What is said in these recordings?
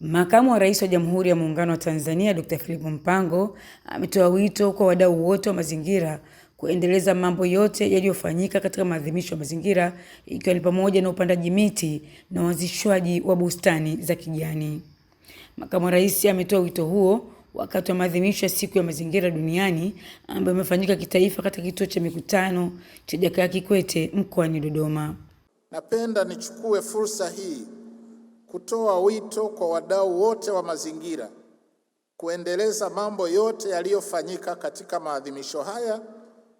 Makamu wa Rais wa Jamhuri ya Muungano wa Tanzania, Dr. Philip Mpango ametoa wito kwa wadau wote wa mazingira kuendeleza mambo yote yaliyofanyika katika maadhimisho ya mazingira ikiwa ni pamoja na upandaji miti na uanzishwaji wa bustani za kijani. Makamu wa Rais ametoa wito huo wakati wa maadhimisho ya Siku ya Mazingira Duniani ambayo imefanyika kitaifa katika kituo cha mikutano cha Jakaya Kikwete mkoani Dodoma. Napenda nichukue fursa hii kutoa wito kwa wadau wote wa mazingira kuendeleza mambo yote yaliyofanyika katika maadhimisho haya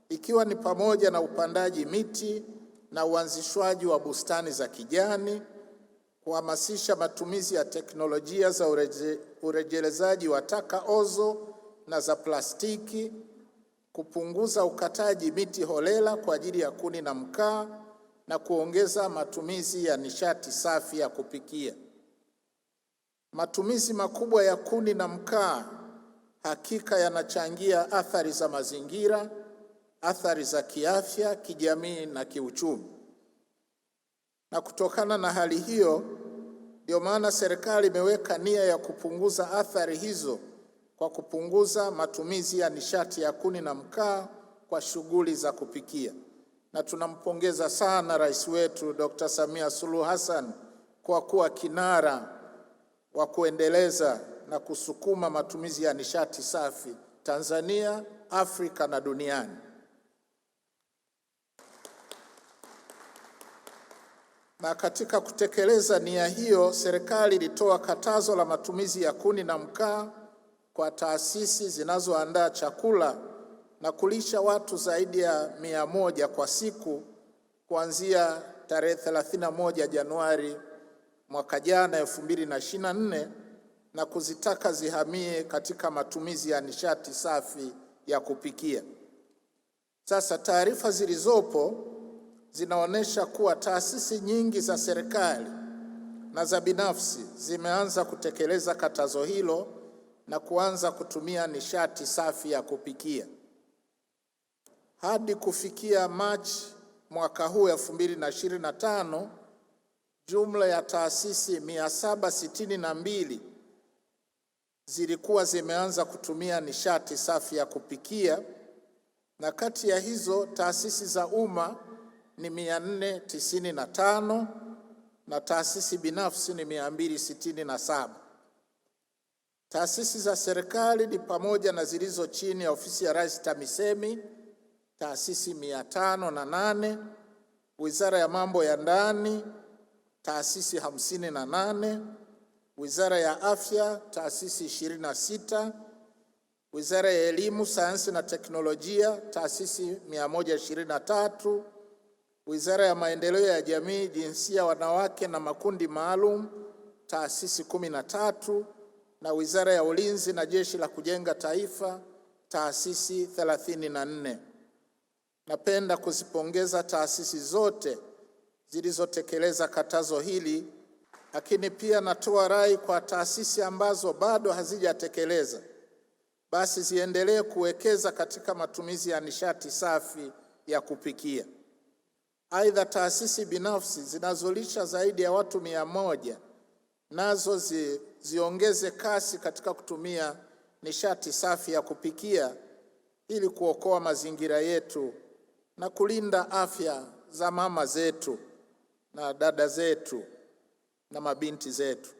ikiwa ni pamoja na upandaji miti na uanzishwaji wa bustani za kijani, kuhamasisha matumizi ya teknolojia za ureje, urejelezaji wa taka ozo na za plastiki, kupunguza ukataji miti holela kwa ajili ya kuni na mkaa na kuongeza matumizi ya nishati safi ya kupikia. Matumizi makubwa ya kuni na mkaa hakika yanachangia athari za mazingira, athari za kiafya, kijamii na kiuchumi. Na kutokana na hali hiyo, ndio maana serikali imeweka nia ya kupunguza athari hizo kwa kupunguza matumizi ya nishati ya kuni na mkaa kwa shughuli za kupikia na tunampongeza sana rais wetu Dr. Samia Suluhu Hassan kwa kuwa kinara wa kuendeleza na kusukuma matumizi ya nishati safi Tanzania, Afrika na duniani. Na katika kutekeleza nia hiyo, serikali ilitoa katazo la matumizi ya kuni na mkaa kwa taasisi zinazoandaa chakula na kulisha watu zaidi ya mia moja kwa siku kuanzia tarehe 31 Januari mwaka jana 2024 na kuzitaka zihamie katika matumizi ya nishati safi ya kupikia. Sasa taarifa zilizopo zinaonyesha kuwa taasisi nyingi za serikali na za binafsi zimeanza kutekeleza katazo hilo na kuanza kutumia nishati safi ya kupikia hadi kufikia Machi mwaka huu tano jumla ya taasisi 762 zilikuwa zimeanza kutumia nishati safi ya kupikia na kati ya hizo taasisi za umma ni 495 na taasisi binafsi ni saba. Taasisi za serikali ni pamoja na zilizo chini ya ofisi ya Rais TAMISEMI taasisi mia tano na nane, wizara ya mambo ya ndani taasisi hamsini na nane, wizara ya afya taasisi ishirini na sita, wizara ya elimu, sayansi na teknolojia taasisi mia moja ishirini na tatu, wizara ya maendeleo ya jamii, jinsia, wanawake na makundi maalum taasisi kumi na tatu na wizara ya ulinzi na jeshi la kujenga taifa taasisi thelathini na nne. Napenda kuzipongeza taasisi zote zilizotekeleza katazo hili, lakini pia natoa rai kwa taasisi ambazo bado hazijatekeleza, basi ziendelee kuwekeza katika matumizi ya nishati safi ya kupikia. Aidha, taasisi binafsi zinazolisha zaidi ya watu mia moja nazo zi, ziongeze kasi katika kutumia nishati safi ya kupikia ili kuokoa mazingira yetu na kulinda afya za mama zetu na dada zetu na mabinti zetu.